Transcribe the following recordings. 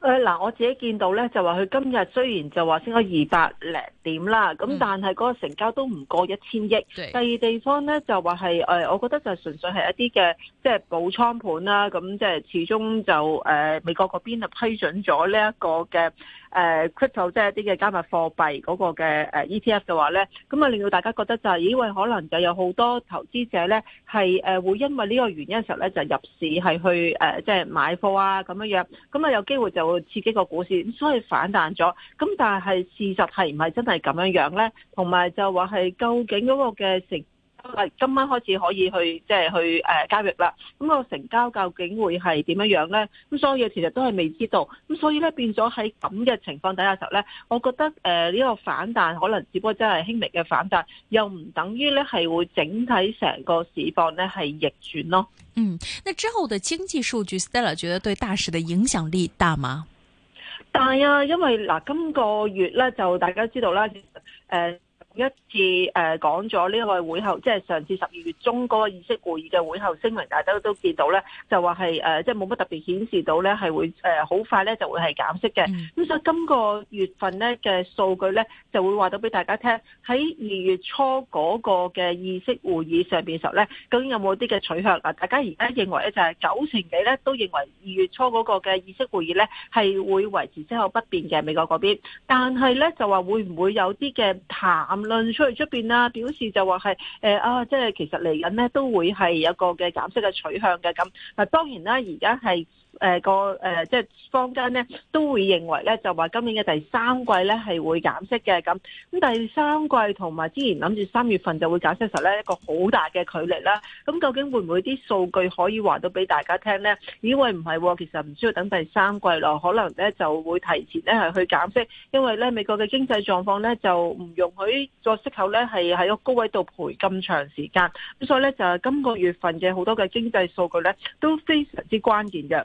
誒嗱、呃，我自己見到咧，就話佢今日雖然就話升咗二百零點啦，咁但係嗰個成交都唔過一千億。嗯、第二地方咧就話係，誒、呃，我覺得就純粹係一啲嘅，即係補倉盤啦。咁即係始終就誒、呃、美國嗰邊啊批准咗呢一個嘅。誒、呃、crypto 即係一啲嘅加密貨幣嗰個嘅誒 ETF 嘅話咧，咁啊令到大家覺得就係、是，咦？喂，可能就有好多投資者咧，係誒會因為呢個原因嘅時候咧，就入市係去誒即係買貨啊咁樣樣，咁啊有機會就會刺激個股市，所以反彈咗。咁但係事實係唔係真係咁樣樣咧？同埋就話係究竟嗰個嘅成。今晚開始可以去即係、就是、去誒、呃、交易啦，咁個成交究竟會係點樣樣咧？咁所以其實都係未知道，咁所以咧變咗喺咁嘅情況底下時候咧，我覺得誒呢個反彈可能只不過真係輕微嘅反彈，又唔等於咧係會整體成個市況咧係逆轉咯。嗯，那之後嘅經濟數據，Stella 覺得對大市嘅影響力大嗎？大啊，因為嗱今個月咧就大家知道啦，誒。一次誒講咗呢個會後，即係上次十二月中嗰個議息會議嘅會後聲明，大家都都見到咧，就話係即係冇乜特別顯示到咧，係會好快咧就會係減息嘅。咁、嗯、所以今個月份呢嘅數據咧就會話到俾大家聽，喺二月初嗰個嘅議息會議上面時候咧，究竟有冇啲嘅取向啊？大家而家認為咧就係九成幾咧都認為二月初嗰個嘅議息會議咧係會維持之後不變嘅美國嗰邊，但係咧就話會唔會有啲嘅淡？論出去出邊啦，表示就話係誒啊，即係其實嚟緊呢都會係有個嘅減息嘅取向嘅。咁嗱，當然啦，而家係。誒個誒即係坊間呢都會認為呢，就話今年嘅第三季呢係會減息嘅。咁咁第三季同埋之前諗住三月份就會減息時候呢，一個好大嘅距離啦，咁究竟會唔會啲數據可以話到俾大家聽呢？因為唔係，哦，其實唔需要等第三季咯，可能呢就會提前呢係去減息，因為呢美國嘅經濟狀況呢就唔容許作息口呢係喺個高位度賠咁長時間，咁所以呢，就係今個月份嘅好多嘅經濟數據呢都非常之關鍵嘅。.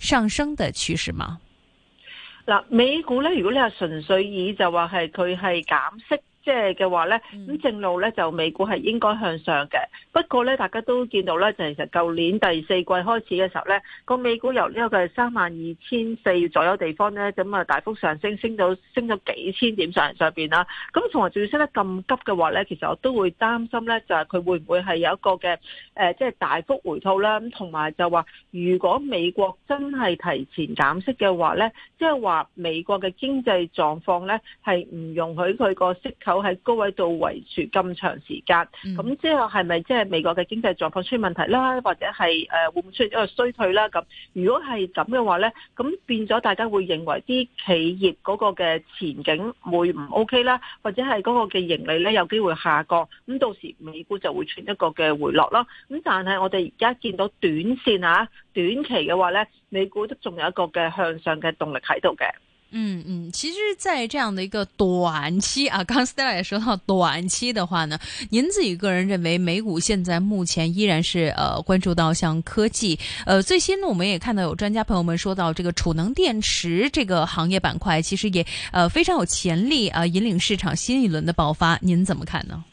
上升的趨勢嗎？嗱，美股咧，如果你係純粹以就話係佢係減息。即係嘅話咧，咁正路咧就美股係應該向上嘅。不過咧，大家都見到咧，就係其實舊年第四季開始嘅時候咧，個美股由呢一個三萬二千四左右地方咧，咁啊大幅上升，升咗升到幾千點上上邊啦。咁同埋仲要升得咁急嘅話咧，其實我都會擔心咧，就係、是、佢會唔會係有一個嘅誒，即、呃、係、就是、大幅回吐啦。咁同埋就話，如果美國真係提前減息嘅話咧，即係話美國嘅經濟狀況咧係唔容許佢個息，息喺高位度維持咁長時間，咁之後係咪即係美國嘅經濟狀況出問題啦，或者係、呃、會唔會出現一個衰退啦？咁如果係咁嘅話咧，咁變咗大家會認為啲企業嗰個嘅前景會唔 OK 啦，或者係嗰個嘅盈利咧有機會下降，咁到時美股就會出現一個嘅回落咯。咁但係我哋而家見到短線啊、短期嘅話咧，美股都仲有一個嘅向上嘅動力喺度嘅。嗯嗯，其實，在這樣的一個短期啊，剛 Stella 也說到短期的話呢，您自己個人認為，美股現在目前依然是呃關注到像科技，呃，最新呢，我們也看到有專家朋友們說到這個儲能電池這個行業板塊，其實也呃非常有潛力啊，呃，引領市場新一輪的爆發，您怎麼看呢？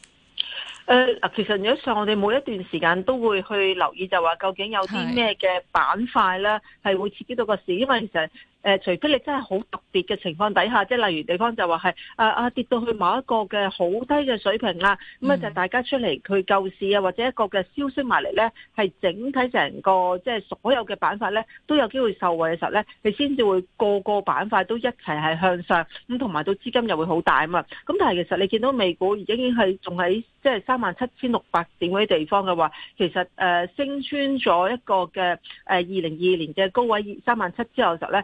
呃，其實有時候我哋每一段時間都會去留意，就話究竟有啲咩嘅板塊咧，係會刺激到個市，因為，哎，其實。誒，除非你真係好特別嘅情況底下，即係例如地方就話係啊啊跌到去某一個嘅好低嘅水平啦，咁啊、嗯、就大家出嚟去救市啊，或者一個嘅消息埋嚟咧，係整體成個即係、就是、所有嘅板塊咧都有機會受惠嘅時候咧，你先至會各個個板塊都一齊係向上，咁同埋到資金又會好大啊嘛。咁但係其實你見到美股已經係仲喺即係三萬七千六百點嗰啲地方嘅話，其實誒升穿咗一個嘅誒二零二二年嘅高位三萬七之後嘅時候咧。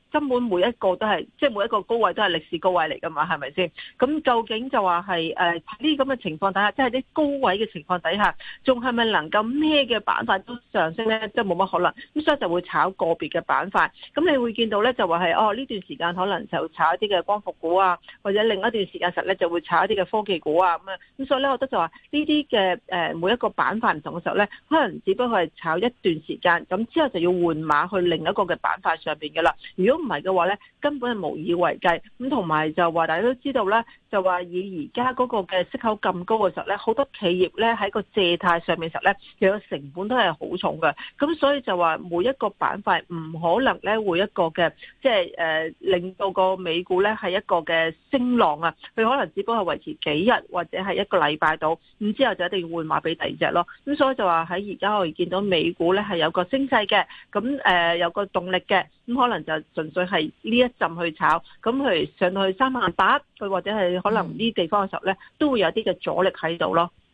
根本每一個都係，即係每一個高位都係歷史高位嚟㗎嘛，係咪先？咁究竟就話係誒呢啲咁嘅情況底下，即係啲高位嘅情況底下，仲係咪能夠咩嘅板塊都上升咧？即係冇乜可能。咁所以就會炒個別嘅板塊。咁你會見到咧，就話係哦呢段時間可能就炒一啲嘅光伏股啊，或者另一段時間實咧就會炒一啲嘅科技股啊，咁，咁所以咧，我覺得就話呢啲嘅每一個板塊唔同嘅時候咧，可能只不過係炒一段時間，咁之後就要換馬去另一個嘅板塊上面㗎啦。如果唔係嘅話咧，根本係無以為繼。咁，同埋就話大家都知道咧。就話以而家嗰個嘅息口咁高嘅時候咧，好多企業咧喺個借貸上面時候咧，佢個成本都係好重嘅。咁所以就話每一個板塊唔可能咧會一個嘅，即係誒令到個美股咧係一個嘅升浪啊。佢可能只不過係維持幾日或者係一個禮拜到，咁之後就一定要換馬俾第二隻咯。咁所以就話喺而家我哋見到美股咧係有個升勢嘅，咁誒、呃、有個動力嘅，咁可能就純粹係呢一陣去炒，咁佢上去三萬八，佢或者係。可能呢地方嘅時候咧，都會有啲嘅阻力喺度咯。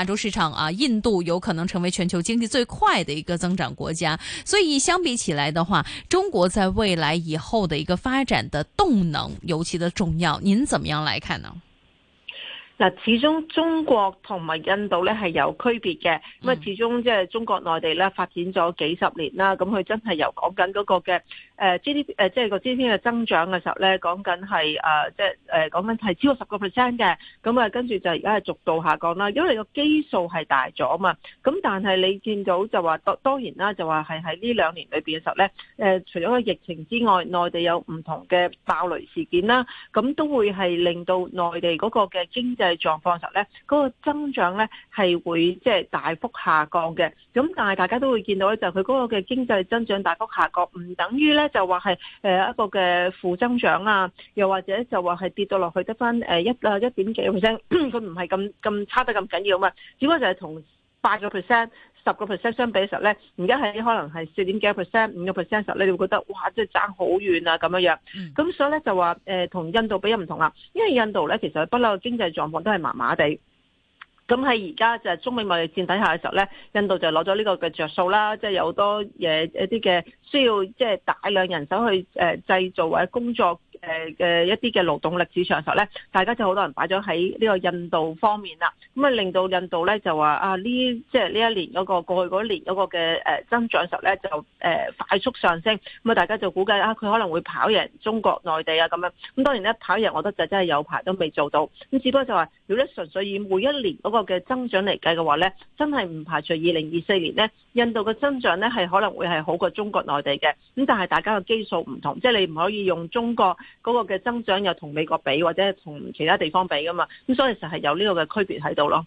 亞洲市場啊，印度有可能成為全球經濟最快的一個增長國家，所以相比起來的話，中國在未來以後的一個發展的動能尤其的重要，您怎麼樣來看呢？嗱，始終中國同埋印度呢係有區別嘅，咁啊，始終即係中國內地呢發展咗幾十年啦，咁佢真係由講緊嗰個嘅。誒，gd 誒，即係個 GDP 嘅增長嘅時候咧，講緊係誒，即係誒講緊係超過十個 percent 嘅，咁啊跟住就而家係逐度下降啦。因為個基數係大咗啊嘛，咁但係你見到就話，當當然啦，就話係喺呢兩年裏面嘅時候咧，誒除咗個疫情之外，內地有唔同嘅爆雷事件啦，咁都會係令到內地嗰個嘅經濟狀況時候咧，嗰個增長咧係會即係大幅下降嘅。咁但係大家都會見到咧，就佢嗰個嘅經濟增長大幅下降，唔等於咧。就話係誒一個嘅負增長啊，又或者就話係跌到落去得翻誒一啊一點幾個 percent，佢唔係咁咁差得咁緊要嘛，只不過就係同八個 percent、十個 percent 相比嘅時候咧，而家係可能係四點幾 percent、五個 percent 時候呢，你會覺得哇，真係爭好遠啊咁樣樣，咁、嗯、所以咧就話誒同印度比又唔同啦，因為印度咧其實不嬲經濟狀況都係麻麻地。咁喺而家就係中美貿易戰底下嘅時候咧，印度就攞咗呢個嘅著數啦，即係有好多嘢一啲嘅需要，即係大量人手去誒製造或者工作誒嘅一啲嘅勞動力市場上時候咧，大家就好多人擺咗喺呢個印度方面啦。咁啊令到印度咧就話啊呢即係呢一年嗰個過去嗰年嗰個嘅增長時候咧就誒快速上升，咁啊大家就估計啊佢可能會跑贏中國內地啊咁樣。咁當然咧跑贏我覺得就真係有排都未做到，咁只不過就話如果純粹以每一年嗰個嘅增長嚟計嘅話，咧，真係唔排除二零二四年咧，印度嘅增長呢，係可能會係好過中國內地嘅。咁但係大家嘅基數唔同，即係你唔可以用中國嗰個嘅增長又同美國比，或者同其他地方比噶嘛。咁所以就係有呢個嘅區別喺度咯。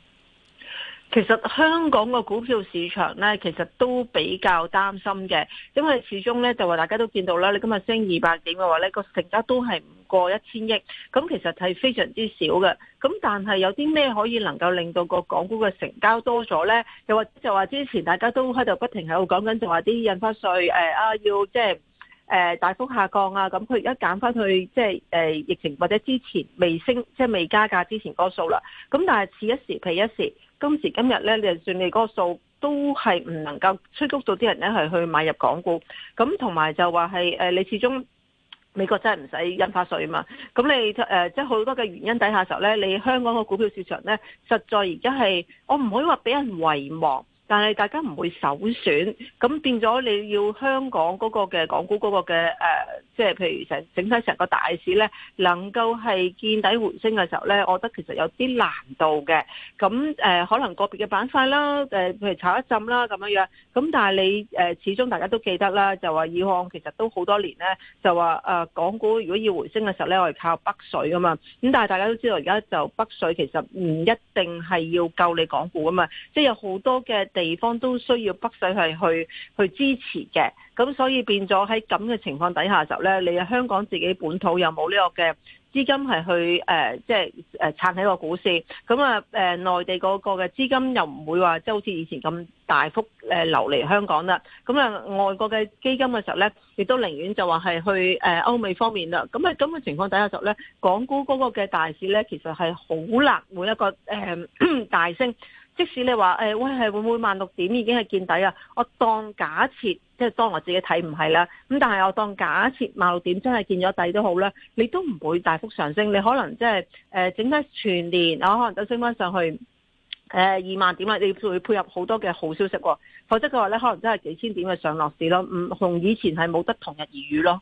其實香港嘅股票市場呢，其實都比較擔心嘅，因為始終呢就話大家都見到啦，你今日升二百點嘅話呢，個成交都係唔過一千億，咁其實係非常之少嘅。咁但係有啲咩可以能夠令到個港股嘅成交多咗呢？又或者就話之前大家都喺度不停喺度講緊，就話啲印花稅誒啊要即係。呃、大幅下降啊！咁佢而家減翻去即係、呃、疫情或者之前未升，即係未加價之前嗰個數啦。咁但係此一時彼一時，今時今日咧，你就算你嗰個數都係唔能夠催谷到啲人咧係去買入港股。咁同埋就話係、呃、你始終美國真係唔使印花稅啊嘛。咁你、呃、即係好多嘅原因底下時候咧，你香港個股票市場咧，實在而家係我唔可以話俾人遺忘。但係大家唔會首選，咁變咗你要香港嗰個嘅港股嗰個嘅誒即係譬如成整體成個大市咧，能夠係見底回升嘅時候咧，我覺得其實有啲難度嘅。咁誒、呃，可能個別嘅板塊啦，誒、呃，譬如炒一浸啦咁樣樣。咁但係你誒、呃，始終大家都記得啦，就話以往其實都好多年咧，就話誒、呃、港股如果要回升嘅時候咧，我係靠北水㗎嘛。咁但係大家都知道，而家就北水其實唔一定係要救你港股㗎嘛，即係有好多嘅地方都需要北水係去去，去支持嘅。咁所以變咗喺咁嘅情況底下時候咧。誒，你香港自己本土又冇呢個嘅資金係去誒、呃，即係誒撐起個股市。咁啊，誒、呃、內地嗰個嘅資金又唔會話即係好似以前咁大幅流嚟香港啦。咁啊、呃，外國嘅基金嘅時候咧，亦都寧願就話係去誒歐、呃、美方面啦。咁啊，咁嘅情況底下就咧，港股嗰個嘅大市咧，其實係好難會一個誒、呃、大升。即使你話誒、欸，喂，係會唔會萬六點已經係見底啊？我當假設，即係當我自己睇唔係啦。咁但係我當假設萬六點真係見咗底都好啦，你都唔會大幅上升。你可能即係誒，整體全年我可能都升翻上去誒，二、呃、萬點啦。你會配合好多嘅好消息，哦，否則佢話咧可能真係幾千點嘅上落市咯。唔同以前係冇得同日而語咯。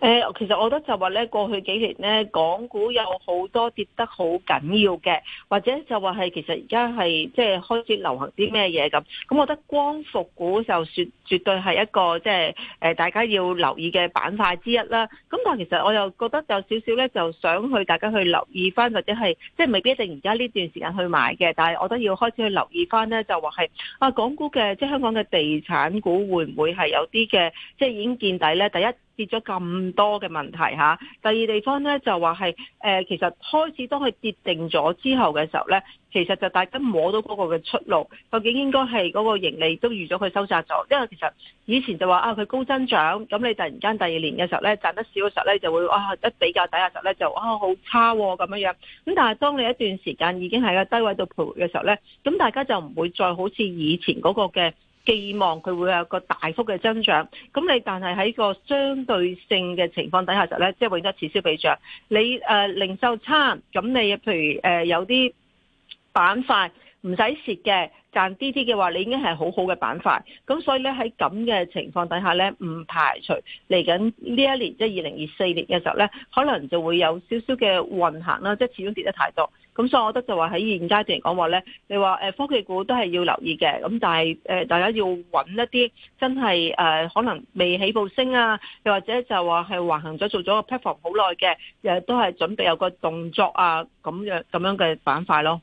誒，其實我覺得就話咧，過去幾年咧，港股有好多跌得好緊要嘅，或者就話係其實而家係即係開始流行啲咩嘢咁。咁我覺得光伏股就絕絕對係一個即係誒，大家要留意嘅板塊之一啦。咁但係其實我又覺得就少少咧，就想去大家去留意翻，或者係即係未必一定而家呢段時間去買嘅。但係我都要開始去留意翻咧，就話係啊，港股嘅即係香港嘅地產股會唔會係有啲嘅即係已經見底咧？第一。跌咗咁多嘅問題吓，第二地方咧就話係、呃、其實開始當佢跌定咗之後嘅時候咧，其實就大家摸到嗰個嘅出路，究竟應該係嗰個盈利都預咗佢收窄咗，因為其實以前就話啊，佢高增長，咁你突然間第二年嘅時候咧，賺得少嘅時候咧就會啊一比較低嘅時候咧就啊好差咁、啊、樣樣，咁但係當你一段時間已經喺個低位度徘徊嘅時候咧，咁大家就唔會再好似以前嗰個嘅。寄望佢會有個大幅嘅增長，咁你但係喺個相對性嘅情況底下就咧，即係永遠此消彼長。你零售餐，咁你譬如誒有啲板塊唔使蝕嘅，賺啲啲嘅話，你已經係好好嘅板塊。咁所以咧喺咁嘅情況底下咧，唔排除嚟緊呢一年即係二零二四年嘅時候咧，可能就會有少少嘅運行啦，即係始終跌得太多。咁所以，我覺得就話喺現階段嚟講話咧，你話誒科技股都係要留意嘅，咁但係誒大家要揾一啲真係誒、呃、可能未起步升啊，又或者就話係橫行咗做咗個 platform 好耐嘅，又都係準備有個動作啊咁樣咁樣嘅板塊咯。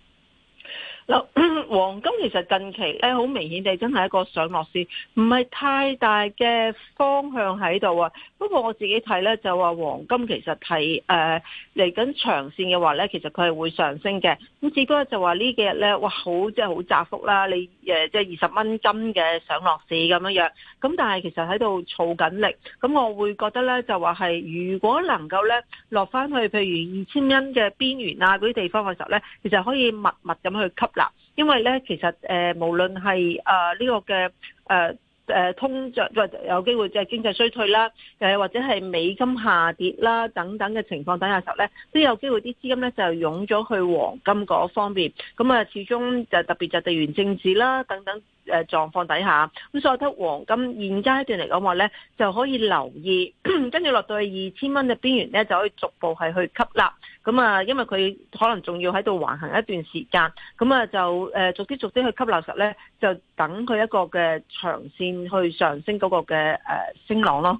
嗱，黃金其實近期咧好明顯地真係一個上落市，唔係太大嘅方向喺度啊。不過我自己睇咧就話黃金其實係誒嚟緊長線嘅話咧，其實佢係會上升嘅。咁只不過就話呢幾日咧，哇好即係好窄幅啦，你誒即係二十蚊金嘅上落市咁樣樣。咁但係其實喺度儲緊力，咁我會覺得咧就話係如果能夠咧落翻去譬如二千銀嘅邊緣啊嗰啲地方嘅時候咧，其實可以密密咁去吸。因為咧，其實誒、呃，無論係誒呢個嘅誒誒通脹或者有機會即係經濟衰退啦，又或者係美金下跌啦等等嘅情況底下時候咧，都有機會啲資金咧就湧咗去黃金嗰方面，咁、嗯、啊始終就特別就地緣政治啦等等。誒，狀況底下，咁所以得黃金現階段嚟講話咧，就可以留意，跟住落到去二千蚊嘅邊緣咧，就可以逐步係去吸納，咁啊，因為佢可能仲要喺度橫行一段時間，咁啊就誒、呃、逐啲逐啲去吸納實咧，就等佢一個嘅長線去上升嗰個嘅誒、呃、升浪咯。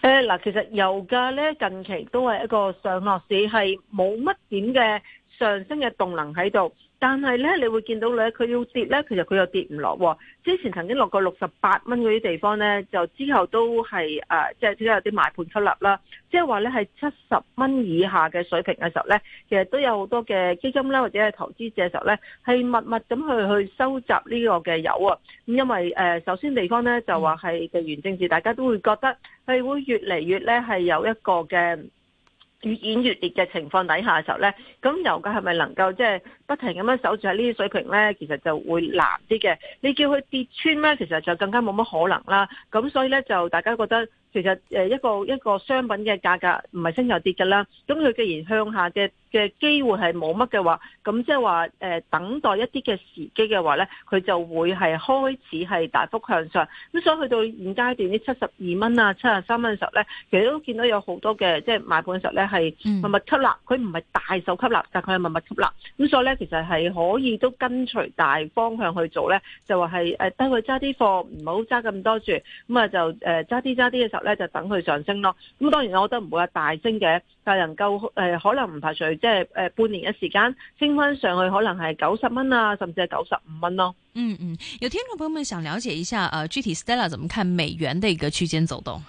誒，嗱，其實油價咧近期都係一個上落市，係冇乜點嘅上升嘅動能喺度。但係咧，你會見到咧，佢要跌咧，其實佢又跌唔落。哦。之前曾經落過六十八蚊嗰啲地方咧，就之後都係誒、呃，即係只有啲買盤出嚟啦。即係話咧，係七十蚊以下嘅水平嘅時候咧，其實都有好多嘅基金啦，或者係投資者嘅時候咧，係密密咁去去收集呢個嘅油啊。咁因為誒、呃，首先地方咧，就話係嘅原政治，嗯、大家都會覺得係會越嚟越咧係有一個嘅。愈演愈烈嘅情況底下嘅時候呢，咁油價係咪能夠即係不停咁樣守住喺呢啲水平呢？其實就會難啲嘅。你叫佢跌穿呢，其實就更加冇乜可能啦。咁所以呢，就大家覺得。其實誒一個一個商品嘅價格唔係升又跌嘅啦，咁佢既然向下嘅嘅機會係冇乜嘅話，咁即係話誒等待一啲嘅時機嘅話咧，佢就會係開始係大幅向上。咁所以去到現階段呢七十二蚊啊、七十三蚊嘅時候咧，其實都見到有好多嘅即係買盤嘅時候咧係密密吸納，佢唔係大手吸納，但佢係密密吸納。咁所以咧，其實係可以都跟隨大方向去做咧，就話係誒等佢揸啲貨，唔好揸咁多住，咁啊就誒揸啲揸啲嘅時候咧就等佢上升咯，咁當然我覺得唔會話大升嘅，但係能夠誒可能唔排除即係誒半年嘅時間升翻上去，可能係九十蚊啊，甚至係九十五蚊咯。嗯嗯，有聽眾朋友們想了解一下，誒、呃、具體 Stella 怎麼看美元的一個區間走動？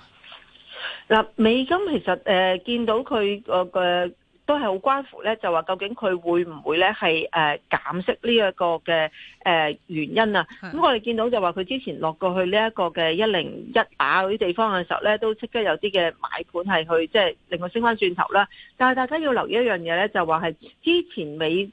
嗱、呃，美金其實誒、呃、見到佢個個。都係好關乎咧，就話究竟佢會唔會咧係誒減息呢，這一個嘅誒、呃、原因啊？咁的、嗯、我哋見到就話佢之前落過去呢一個嘅一零一打嗰啲地方嘅時候咧，都即刻有啲嘅買盤係去即係、就是、令佢升翻轉頭啦。但係大家要留意一樣嘢咧，就話係之前美。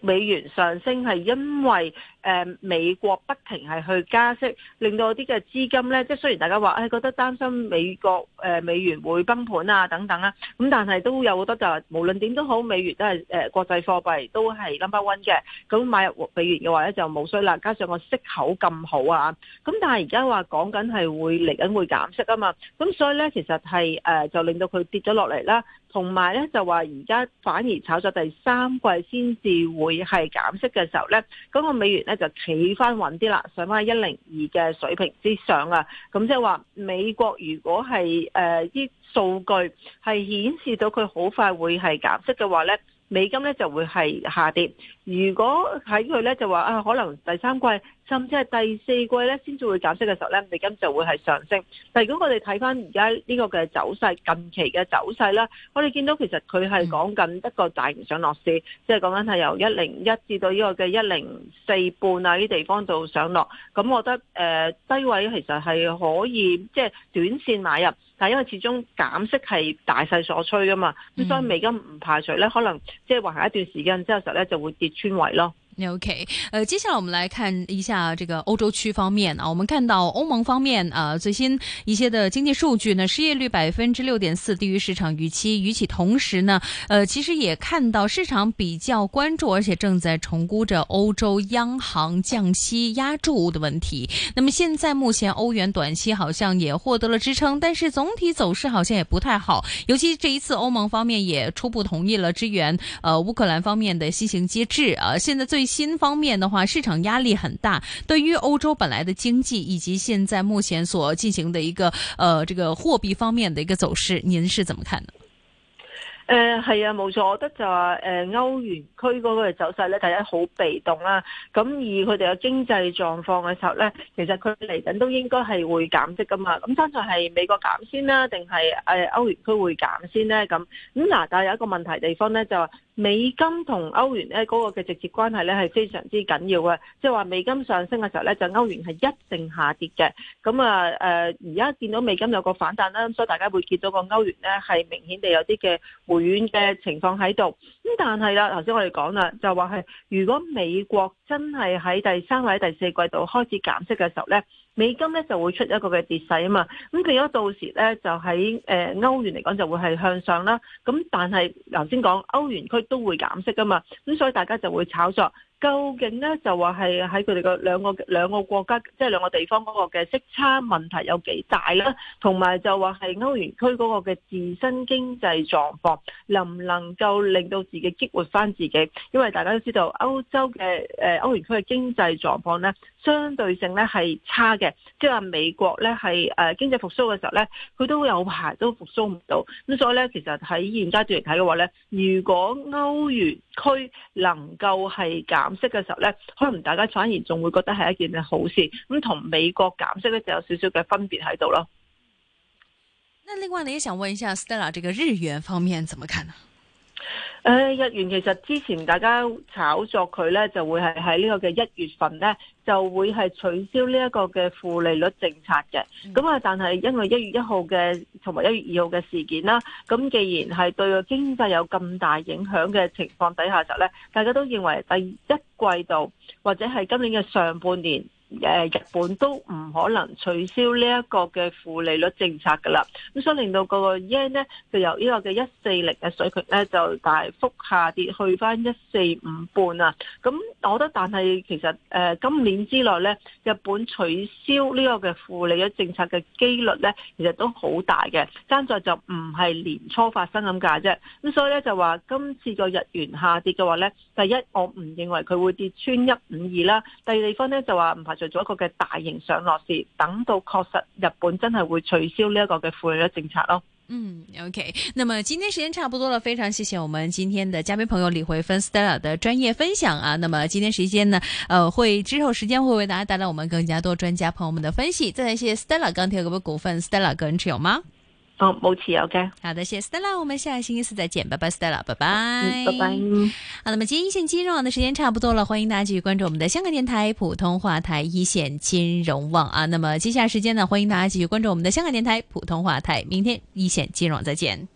美元上升係因為誒、呃、美國不停係去加息，令到啲嘅資金咧，即係雖然大家話誒、哎、覺得擔心美國誒、呃、美元會崩盤啊等等啊，咁但係都有好多就係、無論點都好，美元都係誒、呃、國際貨幣都係 number one 嘅。咁買入美元嘅話咧就冇衰啦，加上個息口咁好啊，咁但係而家話講緊係會嚟緊會減息啊嘛，咁所以咧其實係誒、呃、就令到佢跌咗落嚟啦。同埋咧，就話而家反而炒咗第三季先至會係減息嘅時候咧，咁個美元咧就企返穩啲啦，上返一零二嘅水平之上啊，咁即係話美國如果係誒啲數據係顯示到佢好快會係減息嘅話咧，美金咧就會係下跌。如果喺佢咧就話啊，可能第三季甚至係第四季咧先至會減息嘅時候咧，美金就會係上升。但如果我哋睇翻而家呢個嘅走勢，近期嘅走勢啦，我哋見到其實佢係講緊一個大型上落市，嗯、即係講緊係由一零一至到呢個嘅一零四半啊啲地方度上落。咁我覺得誒、呃、低位其實係可以即係、就是、短線買入，但係因為始終減息係大勢所趨噶嘛，咁、嗯、所以美金唔排除咧可能。即係橫行一段時間之後，實呢就會跌穿位咯。OK，呃，接下來我們來看一下這個歐洲區方面啊，我們看到歐盟方面啊、呃，最新一些的經濟數據呢，失業率百分之六點四，低於市場預期。與此同時呢，呃，其實也看到市場比較關注，而且正在重估着歐洲央行降息押注的問題。那麼現在目前歐元短期好像也獲得了支撐，但是總體走勢好像也不太好。尤其這一次歐盟方面也初步同意了支援呃烏克蘭方面的新型機制啊，現在最。新方面的話，市場壓力很大。對於歐洲本來的經濟以及現在目前所進行的一個呃這個貨幣方面的一個走勢，您是怎麼看的？誒，係啊，冇錯，我覺得就話誒，歐元區嗰個走勢咧，大家好被動啦。咁而佢哋有經濟狀況嘅時候咧，其實佢嚟緊都應該係會減息噶嘛。咁爭在係美國減先啦，定係誒歐元區會減先咧？咁咁，嗱，但係有一個問題地方咧，就話美金同歐元咧嗰個嘅直接關係咧係非常之緊要嘅，即係話美金上升嘅時候咧，就歐元係一定下跌嘅。咁啊誒，而家見到美金有個反彈啦，咁所以大家會見到個歐元咧係明顯地有啲嘅。回院嘅情況喺度，咁但係啦，頭先我哋講啦，就話係如果美國真係喺第三位、第四季度開始減息嘅時候咧，美金咧就會出一個嘅跌勢啊嘛，咁變咗到時咧就喺誒歐元嚟講就會係向上啦。咁但係頭先講歐元區都會減息啊嘛，咁所以大家就會炒作究竟咧就話係喺佢哋嘅兩個兩個國家，即係兩個地方嗰個嘅息差問題有幾大啦，同埋就話係歐元區嗰個嘅自身經濟狀況能唔能夠令到自己激活翻自己？因為大家都知道歐洲嘅誒歐元區嘅經濟狀況咧。相對性咧係差嘅，即係話美國咧係誒經濟復甦嘅時候咧，佢都有排都復甦唔到，咁所以咧其實喺現階段嚟睇嘅話咧，如果歐元區能夠係減息嘅時候咧，可能大家反而仲會覺得係一件好事，咁同美國減息咧就有少少嘅分別喺度咯。那另外，你亦想問一下 Stella，呢個日元方面怎麼看呢？誒日元其實之前大家炒作佢呢，就會係喺呢個嘅一月份呢，就會係取消呢一個嘅負利率政策嘅。咁啊，但係因為一月一號嘅同埋一月二號嘅事件啦，咁既然係對個經濟有咁大影響嘅情況底下就呢，大家都認為第一季度或者係今年嘅上半年。誒日本都唔可能取消呢一個嘅負利率政策㗎啦，咁所以令到個 yen 咧就由呢個嘅一四零嘅水平咧就大幅下跌去翻一四五半啊，咁我覺得但係其實誒今年之內呢，日本取消呢個嘅負利率政策嘅機率呢，其實都好大嘅，爭在就唔係年初發生咁解啫，咁所以呢，就話今次個日元下跌嘅話呢，第一我唔認為佢會跌穿一五二啦，第二地方呢，就話唔排做一個嘅大型上落市，等到確實日本真係會取消呢一個嘅負利率政策咯。嗯，OK。咁啊，今天時間差不多啦，非常謝謝我們今天的嘉賓朋友李慧芬 Stella 的專業分享啊。咁啊，今天時間呢，呃，會之後時間會為大家帶來我們更加多專家朋友們的分析。再次謝謝 Stella 鋼鐵股份股份 Stella 個人持有嗎？好冇事 OK，好的，謝謝 Stella，我們下星期四再見，拜拜 Stella，拜拜，拜拜。嗯，拜拜。好，那麼今天《一線金融網》的時間差不多了，歡迎大家繼續關注我們的香港電台普通話台《一線金融網》啊。那麼接下來時間呢，歡迎大家繼續關注我們的香港電台普通話台，明天《一線金融網》再見。